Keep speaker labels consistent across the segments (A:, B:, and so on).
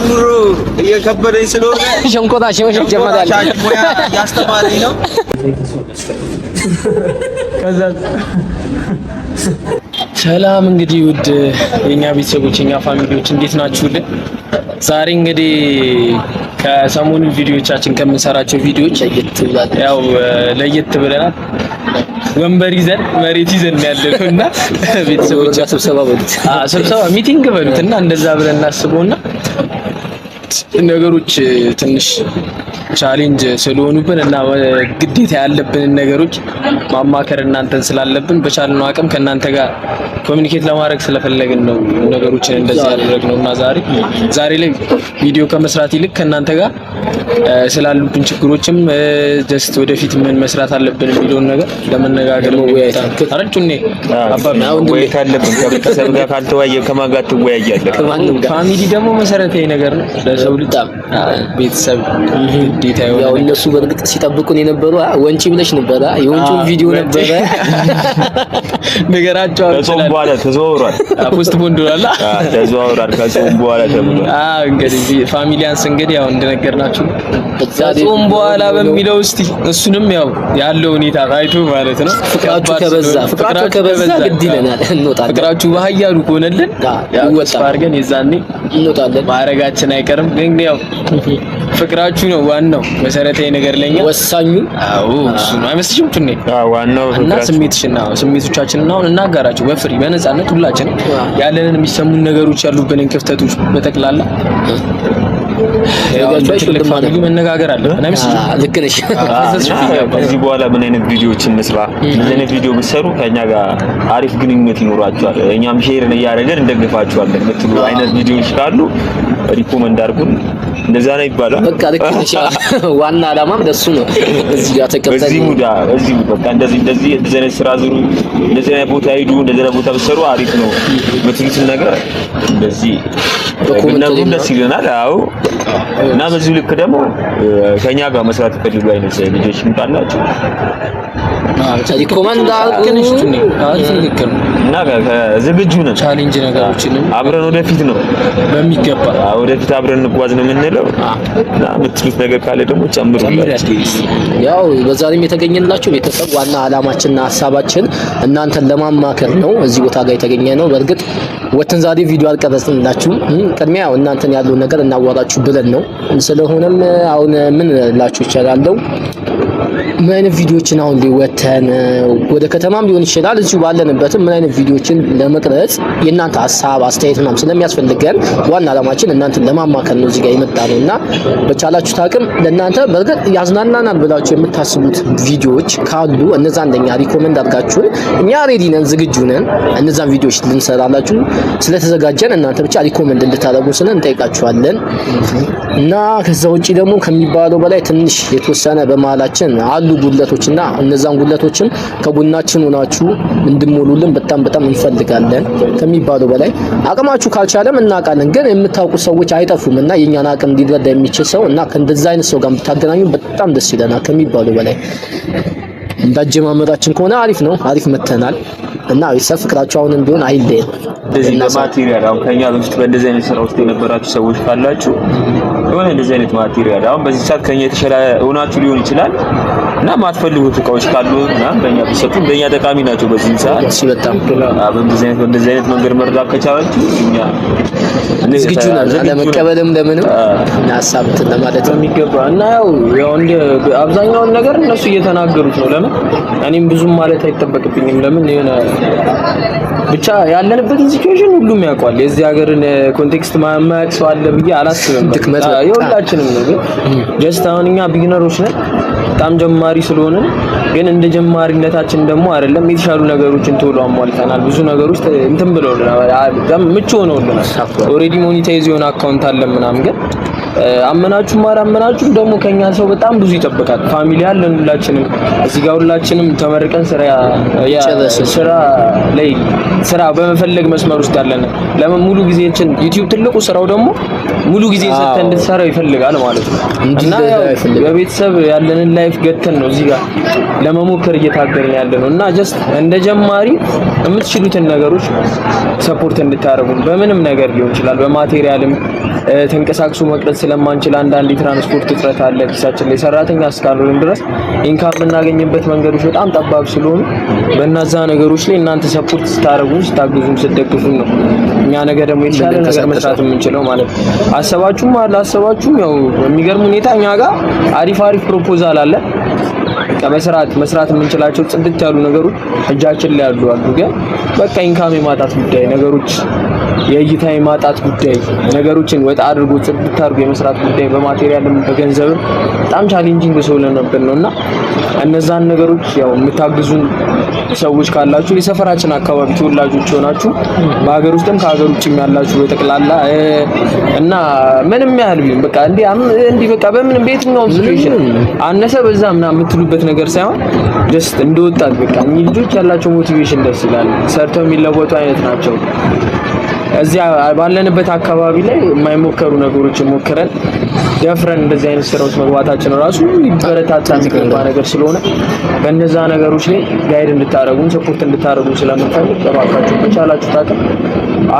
A: በጣም ኑሮ እየከበደኝ ስለሆነ
B: ሸንኮታ ሽመሽ ይጀመራል።
A: ያስተማረኝ ነው። ሰላም እንግዲህ ውድ የኛ ቤተሰቦች የኛ ፋሚሊዎች እንዴት ናችሁልን? ዛሬ እንግዲህ ከሰሞኑ ቪዲዮቻችን ከምንሰራቸው ቪዲዮዎች ያው ለየት ብለናል። ወንበር ይዘን መሬት ይዘን ያለነው እና ቤተሰቦች ስብሰባ በሉት ስብሰባ ሚቲንግ በሉት እና እንደዛ ብለን እናስበውና ነገሮች ትንሽ ቻሌንጅ ስለሆኑብን እና ግዴታ ያለብንን ነገሮች ማማከር እናንተን ስላለብን በቻልነው አቅም ከእናንተ ጋር ኮሚኒኬት ለማድረግ ስለፈለግን ነው ነገሮችን እንደዚህ ያደረግነው እና ዛሬ ዛሬ ላይ ቪዲዮ ከመስራት ይልቅ ከእናንተ ጋር ስላሉብን ችግሮችም ጀስት ወደፊት ምን መስራት አለብን የሚለውን ነገር ለመነጋገር ነው። አረንቱኔ አባባ ወይ ካለብን ከቤተሰብ ጋር ካልተወያየ ከማጋት ትወያያለህ።
B: ፋሚሊ ደግሞ መሰረታዊ ነገር ነው
A: ለሰው ልጅ ቤተሰብ
B: ግዴታ ያው እነሱ በእርግጥ ሲጠብቁን የነበሩ ወንጪ ብለሽ ነበረ የወንጪውን ቪዲዮ ነበረ
A: ነገራቸው
B: ከጾም በኋላ ተዘዋውሯል።
A: ፖስት ቦንድ ሆናል
B: ተዘዋውሯል። ከጾም በኋላ ተብሏል።
A: አዎ እንግዲህ ፋሚሊያንስ እንግዲህ ያው እንደነገርናችሁ ከጾም በኋላ በሚለው እስቲ እሱንም ያው ያለው ሁኔታ ታይቶ ማለት ነው።
B: ፍቅራችሁ ከበዛ ፍቅራችሁ ከበዛ ግድ ይለናል
A: እንወጣለን። ፍቅራችሁ በሀያሉ ከሆነልን ይወጣል አድርገን የዛኔ እንወጣለን። ማረጋችን አይቀርም ግን ያው ፍቅራችሁ ነው ዋናው ነው መሰረታዊ ነገር ለኛ ወሳኙ። አዎ እሱ ነው አይመስልሽም? ቱኔ ዋናው እና ስሜትሽን ነው ስሜቶቻችንን አሁን እናጋራቸው በፍሪ በነፃነት ሁላችን ያለንን የሚሰሙን ነገሮች ያሉብንን ክፍተቶች በጠቅላላ መነጋገር አለ።
B: ልክ ነሽ። ከዚህ በኋላ ምን አይነት ቪዲዮዎች እንስራ፣ ምን አይነት ቪዲዮ ብትሰሩ ከኛ ጋር አሪፍ ግንኙነት ይኖራችኋል፣ እኛም ሼርን እያደረገን እንደግፋቸዋለን የምትሉ አይነት ቪዲዮዎች ካሉ ሪኮመንድ አድርጉን። እንደዛ ነው ይባላል።
A: በቃ ልክ ነሽ። ዋና አላማም ደሱ ነው።
B: እዚህ ጋር ተቀምጠን እዚህ ሙዳ እዚህ በቃ እንደዚህ እንደዚህ እንደዚህ አይነት ስራ ዝሩ፣ እንደዚህ አይነት ቦታ ሂዱ፣ እንደዚህ አይነት ቦታ ብትሰሩ አሪፍ ነው የምትሉትን ነገር እንደዚህ ብትነግሩን ደስ ይለናል። አዎ እና በዚህ ልክ ደግሞ ከኛ ጋር መስራት ፈልጉ አይነት ልጆች ምጣላችሁ
A: ሪኮመንድ አድርጉን እና ዝግጁ ነን። ቻሌንጅ ነገሮችንም
B: አብረን ወደፊት ነው በሚገባ ወደፊት አብረን እንጓዝ ነው የምንለው እና የምትሉት ነገር ካለ ደግሞ ጨምሩ።
A: ያው በዛሬም የተገኘላችሁ ቤተሰብ ዋና አላማችንና ሀሳባችን እናንተን ለማማከር ነው እዚህ ቦታ ጋር የተገኘ ነው። በእርግጥ ወተን ዛሬ ቪዲዮ አልቀረጽንላችሁም። ቅድሚያ ያው እናንተን ያለውን ነገር እናዋራችሁ ብለን ነው። ስለሆነም አሁን ምን ላችሁ ይቻላለው ምን አይነት ቪዲዮዎችን አሁን ሊወተን ወደ ከተማም ሊሆን ይችላል እዚሁ ባለንበትም ምን አይነት ቪዲዮዎችን ለመቅረጽ የእናንተ ሀሳብ አስተያየት ምናምን ስለሚያስፈልገን ዋና አላማችን እናንተን ለማማከል ነው እዚህ ጋር የመጣ ነው እና በቻላችሁት አቅም ለእናንተ በእርግጥ ያዝናናናል ብላችሁ የምታስቡት ቪዲዮዎች ካሉ እነዛን ለእኛ ሪኮመንድ አድርጋችሁን እኛ ሬዲ ነን ዝግጁ ነን እነዛን ቪዲዮዎች ልንሰራላችሁ ስለተዘጋጀን እናንተ ብቻ ሪኮመንድ እንድታደርጉ ስለን እንጠይቃችኋለን። እና ከዛ ውጭ ደግሞ ከሚባለው በላይ ትንሽ የተወሰነ በመሀላችን አሉ ጉድለቶችና እነዛን ጉድለቶችም ከጎናችን ሆናችሁ እንድሞሉልን በጣም በጣም እንፈልጋለን። ከሚባለው በላይ አቅማችሁ ካልቻለም እናውቃለን፣ ግን የምታውቁ ሰዎች አይጠፉም እና የእኛን አቅም ሊረዳ የሚችል ሰው እና ከእንደዛ አይነት ሰው ጋር ብታገናኙ በጣም ደስ ይለናል። ከሚባለው በላይ እንዳጀማመራችን ከሆነ አሪፍ ነው፣ አሪፍ መተናል እና ቤተሰብ ፍቅራችሁ አሁንም ቢሆን አይለየም።
B: እንደዚህ ማቴሪያል አሁን ከኛ በፊት በእንደዚህ አይነት ስራ ውስጥ የነበራችሁ ሰዎች ካላችሁ የሆነ እንደዚህ አይነት ማቴሪያል አሁን በዚህ ሰዓት ከኛ የተሻለ ሆናችሁ ሊሆን ይችላል እና ማትፈልጉት እቃዎች ካሉ እና በእኛ ቢሰጡ በእኛ ጠቃሚ ናቸው። በዚህ ሰዓት እሺ፣ በጣም በእንደዚህ አይነት በእንደዚህ አይነት መንገድ መርዳት ከቻላችሁ እኛ
A: ዝግጁ ነን ለመቀበልም ለምንም ሀሳብ እንትን ለማለት
B: የሚገባ እና ያው ያው እንደ አብዛኛውን ነገር እነሱ እየተናገሩት ነው። ለምን እኔም ብዙም ማለት አይጠበቅብኝም። ለምን የሆነ ብቻ ያለንበትን ሲቹዌሽን ሁሉም ያውቋል። የዚህ ሀገርን ኮንቴክስት eh, ማማቅ ሰው አለ ብዬ አላስብም። የሁላችንም ነው። ግን ጀስት አሁን እኛ ቢግነሮች ነን፣ በጣም ጀማሪ ስለሆንን ግን እንደ ጀማሪነታችን ደግሞ አይደለም የተሻሉ ነገሮችን ቶሎ አሟልተናል። ብዙ ነገሮች እንትን ብለውልናል፣ ምቹ ሆነውልናል። ኦልሬዲ ሞኒታይዝ የሆነ አካውንት አለ ምናምን ግን አመናችሁም አላመናችሁም ደግሞ ከኛ ሰው በጣም ብዙ ይጠብቃል። ፋሚሊ አለን ሁላችንም እዚህ ጋር ሁላችንም ተመርቀን ስራ ስራ ላይ ስራ በመፈለግ መስመር ውስጥ ያለን ለምን ሙሉ ጊዜችን ዩቲዩብ ትልቁ ስራው ደግሞ ሙሉ ጊዜ ሰጥተን እንድትሰራው ይፈልጋል ማለት ነው እና በቤተሰብ ያለንን ላይፍ ገተን ነው እዚህ ጋር ለመሞከር እየታገልን ያለ ነው እና ጀስት እንደ ጀማሪ የምትችሉትን ነገሮች ሰፖርት እንድታደርጉን በምንም ነገር ሊሆን ይችላል በማቴሪያልም ተንቀሳቅሶ መቅረጽ ስለማንችል አንዳንድ የትራንስፖርት እጥረት አለ። ኪሳችን ላይ ሰራተኛ እስካልሆን ድረስ ኢንካም የምናገኝበት መንገዶች በጣም ጠባብ ስለሆኑ በእነዛ ነገሮች ላይ እናንተ ሰፖርት ስታደርጉን፣ ስታግዙን፣ ስትደግፉን ነው እኛ ነገ ደግሞ የተሻለ ነገር መስራት የምንችለው ማለት ነው። አሰባችሁም አላሰባችሁም ያው የሚገርም ሁኔታ እኛ ጋር አሪፍ አሪፍ ፕሮፖዛል አለ ከመስራት መስራት የምንችላቸው ጽድት ያሉ ነገሮች እጃችን ላይ ያሉ አሉ። ግን በቃ ኢንካም የማጣት ጉዳይ ነገሮች የእይታ የማጣት ጉዳይ፣ ነገሮችን ወጣ አድርጎ ጽድት አድርጎ የመስራት ጉዳይ በማቴሪያልም በገንዘብም በጣም ቻሌንጂንግ ስለነበር ነው እና እነዛን ነገሮች ያው የምታግዙን ሰዎች ካላችሁ የሰፈራችን አካባቢ ተወላጆች ሆናችሁ በሀገር ውስጥም ከሀገር ውጭም ያላችሁ በጠቅላላ እና ምንም ያህል ቢሆን በቃ እንዲ በቃ በምንም በየትኛውም ሲቹዌሽን አነሰ በዛ ምናምን የምትሉበት ነገር ሳይሆን ጀስት እንደወጣት በቃ እኚህ ልጆች ያላቸው ሞቲቬሽን ደስ ይላል። ሰርተው የሚለወጡ አይነት ናቸው። እዚያ ባለንበት አካባቢ ላይ የማይሞከሩ ነገሮችን ሞክረን ደፍረን እንደዚህ አይነት ስራዎች መግባታችን ራሱ ይበረታታ የሚገባ ነገር ስለሆነ በእነዛ ነገሮች ላይ ጋይድ እንድታደረጉን ሰፖርት እንድታደረጉ ስለምንፈልግ እባካችሁ በቻላችሁ ታቅም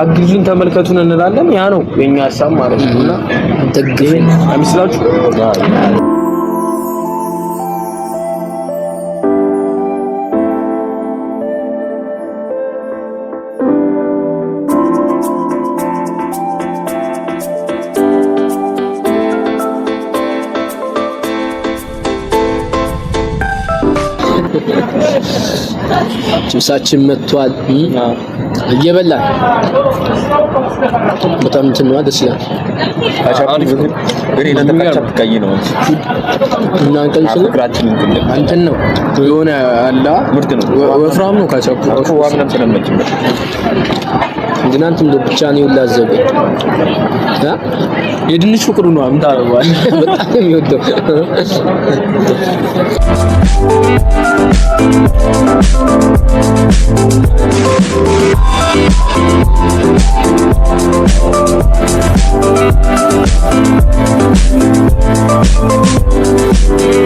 B: አግዙን፣ ተመልከቱን እንላለን። ያ ነው የኛ ሀሳብ ማለት ነው እና ይህን
A: አይመስላችሁ ጭብሳችን መጥቷል። እየበላን በጣም እንትን ነው ደስ ይላል። ነው የሆነ አላ ወፍራም ነው ካቻፕ ትናንት እንደ ብቻ ነው ላዘበ የድንች ፍቅሩ ነው አምታረዋል በጣም የሚወደው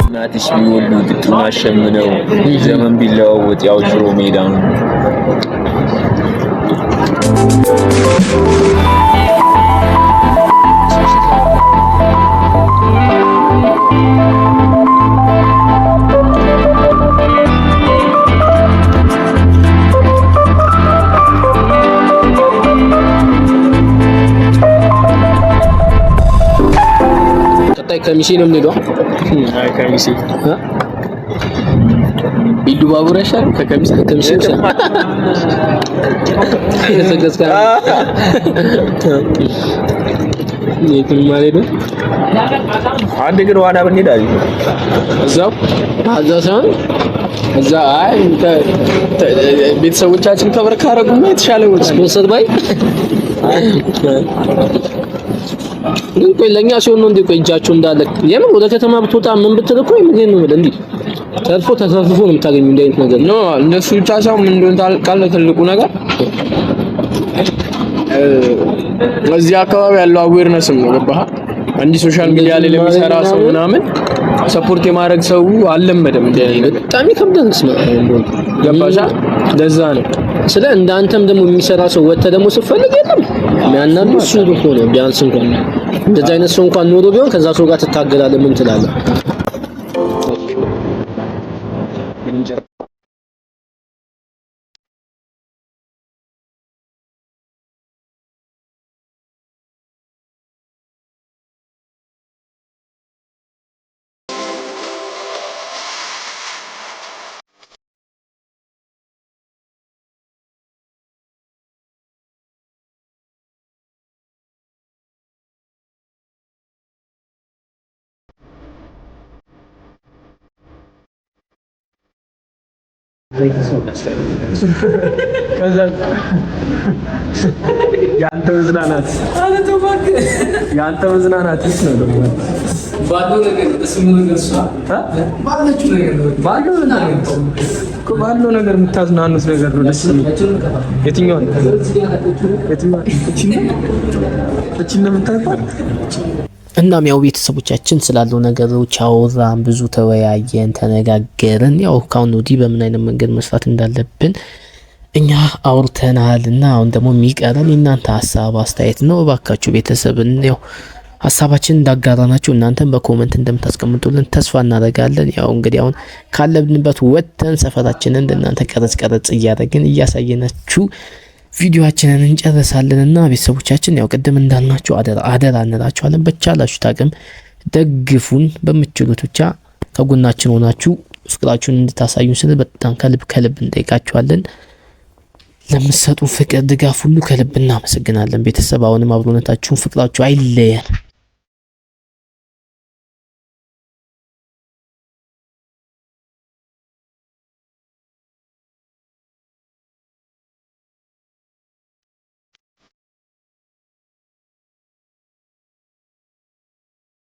A: እናትሽ ቢወሉ ግጥማሸምነው ዘመን ቢለዋወጥ ያው ሽሮ ሜዳ ነው። Katay kami sinom nito? Hmm,
B: ay kami si. Ha?
A: ቢዱ ባቡር ያሻል ከከሚስ ከከሚስ ያሻል።
B: አንድ ግን ዋና ብንሄድ አሪፍ ነው።
A: እዛው እዛው ሳይሆን እዛ አይ ቤተሰቦቻችን ከብር ካረጉማ የተሻለ ወጥ ወሰድ ባይ ግን ቆይ ለእኛ ሲሆን ነው እንዴ? ቆይ እጃችሁ እንዳለ የምን ወደ ከተማ ብትወጣ ምን ብትልኩ ይሄን ነው እንዴ? ተርፎ ተሰርፎ ነው የምታገኙ እንዲህ አይነት ነገር
B: ነው። እንደሱ ብቻ ሳይሆን ምን እንደሆነ ታውቃለህ፣ ትልቁ ነገር እዚህ አካባቢ ያለው አዌርነስም ነው። ገባህ? አንድ ሶሻል ሚዲያ ላይ ለሚሰራ ሰው ምናምን ሰፖርት የማድረግ ሰው አልለመደም። እንደ
A: በጣም ይከብዳል። ስለ ገባሻ? ለዛ ነው ስለ እንዳንተም ደግሞ የሚሰራ ሰው ወጥተህ ደግሞ ስትፈልግ የለም የሚያናዱ እሱ ነው። ቢያንስ እንኳን እንደዛ አይነት ሰው እንኳን ኖሮ ቢሆን ከዛ ሰው ጋር ትታገላለህ። ምን ትላለህ? மிஞ்சர் የአንተ መዝናናት ያንተ መዝናናት እሱ ነው ባለው ነገር የምታዝናኑት ነገር ነው ደስ የሚል። የትኛዋን ነው የምታይፋት? እናም ያው ቤተሰቦቻችን ስላሉ ነገሮች አወራን፣ ብዙ ተወያየን፣ ተነጋገርን። ያው ካሁን ወዲህ በምን አይነት መንገድ መስራት እንዳለብን እኛ አውርተናል እና አሁን ደግሞ የሚቀረን የእናንተ ሀሳብ አስተያየት ነው። እባካችሁ ቤተሰብን ያው ሀሳባችን እንዳጋራናችሁ እናንተን በኮመንት እንደምታስቀምጡልን ተስፋ እናደርጋለን። ያው እንግዲህ አሁን ካለብንበት ወጥተን ሰፈራችንን ለእናንተ ቀረጽ ቀረጽ እያደረግን እያሳየናችሁ ቪዲዮችንን እና ቤተሰቦቻችን ያው ቅድም እንዳልናችሁ አደራ እንላችኋለን። በቻላችሁት አቅም ደግፉን፣ በምትችሉት ብቻ ከጎናችን ሆናችሁ ፍቅራችሁን እንድታሳዩን ስል በጣም ከልብ ከልብ እንጠይቃችኋለን። ለምትሰጡ ፍቅር፣ ድጋፍ ሁሉ ከልብ እናመሰግናለን። ቤተሰብ አሁንም አብሮነታችሁን፣ ፍቅራችሁ አይለየን።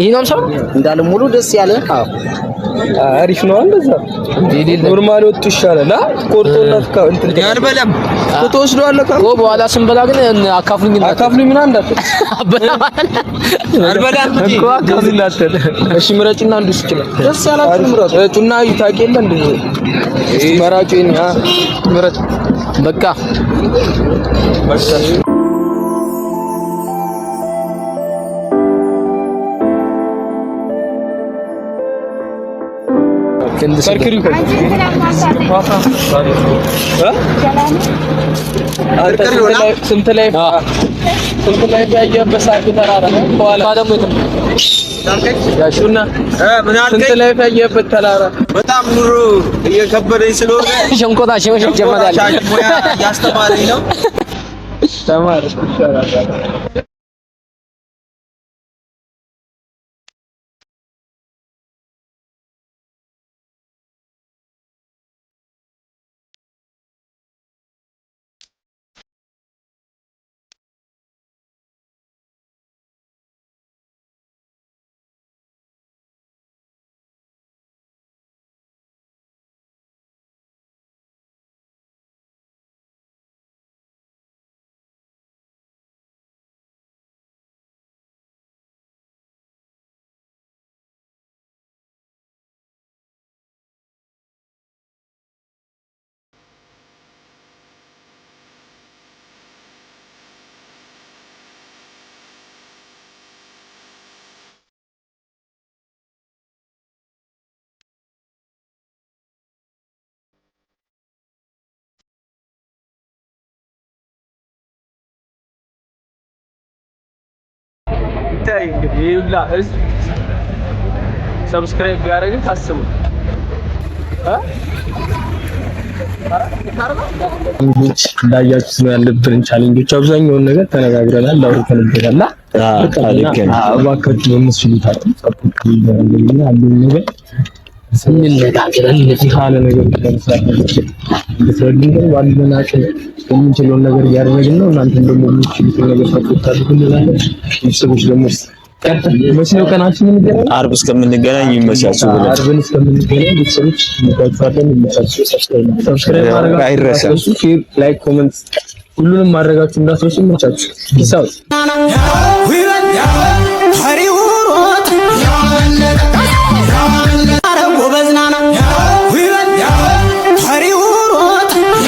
A: ይሄን ሰው እንዳለ ሙሉ ደስ ያለ አሪፍ ነው። እንደዛ ኖርማል ወጡ ይሻላል። ቆርጦላት ያልበለም ፎቶ ወስደዋል። በኋላ ስንበላ ግን አካፍሉኝ አካፍሉኝ ምን አንዳት አልበላም እኮ አካፍሉኝ እንዳትል። እሺ ምረጩና አንዱ ይችላል። ደስ ያላችሁ ምረጡ። እጩና ይታቂ የለ እንደ መራጩ ምረጭ በቃ በቃ కింద ስንት ላይ ስንት ላይ ያየበት ሳቅ ተራራ ነው። በኋላ ደግሞ ያሹና ምን አልከኝ? ስንት ላይ ያየበት ተራራ በጣም ኑሮ እየከበደኝ ስለሆነ ሸንኮታ ሸመሽ ጀመዳል ያስተማረኝ ነው ተማር ጉዳይ እንግዲህ ይሁላ ህዝብ ሰብስክራይብ ቢያደርግ ታስቡ እንዳያችሁት ነው ያለብን ቻሌንጆች፣ አብዛኛውን ነገር ተነጋግረናል፣ አውርተንበታል። እባካችሁ በምስሉ ታጡ ነገር ነገር የምንችለውን ነገር እያደረግን ነው። እናንተም ደግሞ ነገር እንላለን። ቤተሰቦች ደግሞ መቼ ቀናችን እስከምንገናኝ ይመቻችሁ እስከምንገናኝ ቤተሰቦች ይመቻችሁ። ላይክ፣ ኮመንት ሁሉንም ማድረጋችሁ እንዳትረሱ። ይመቻችሁ። ፒስ አውት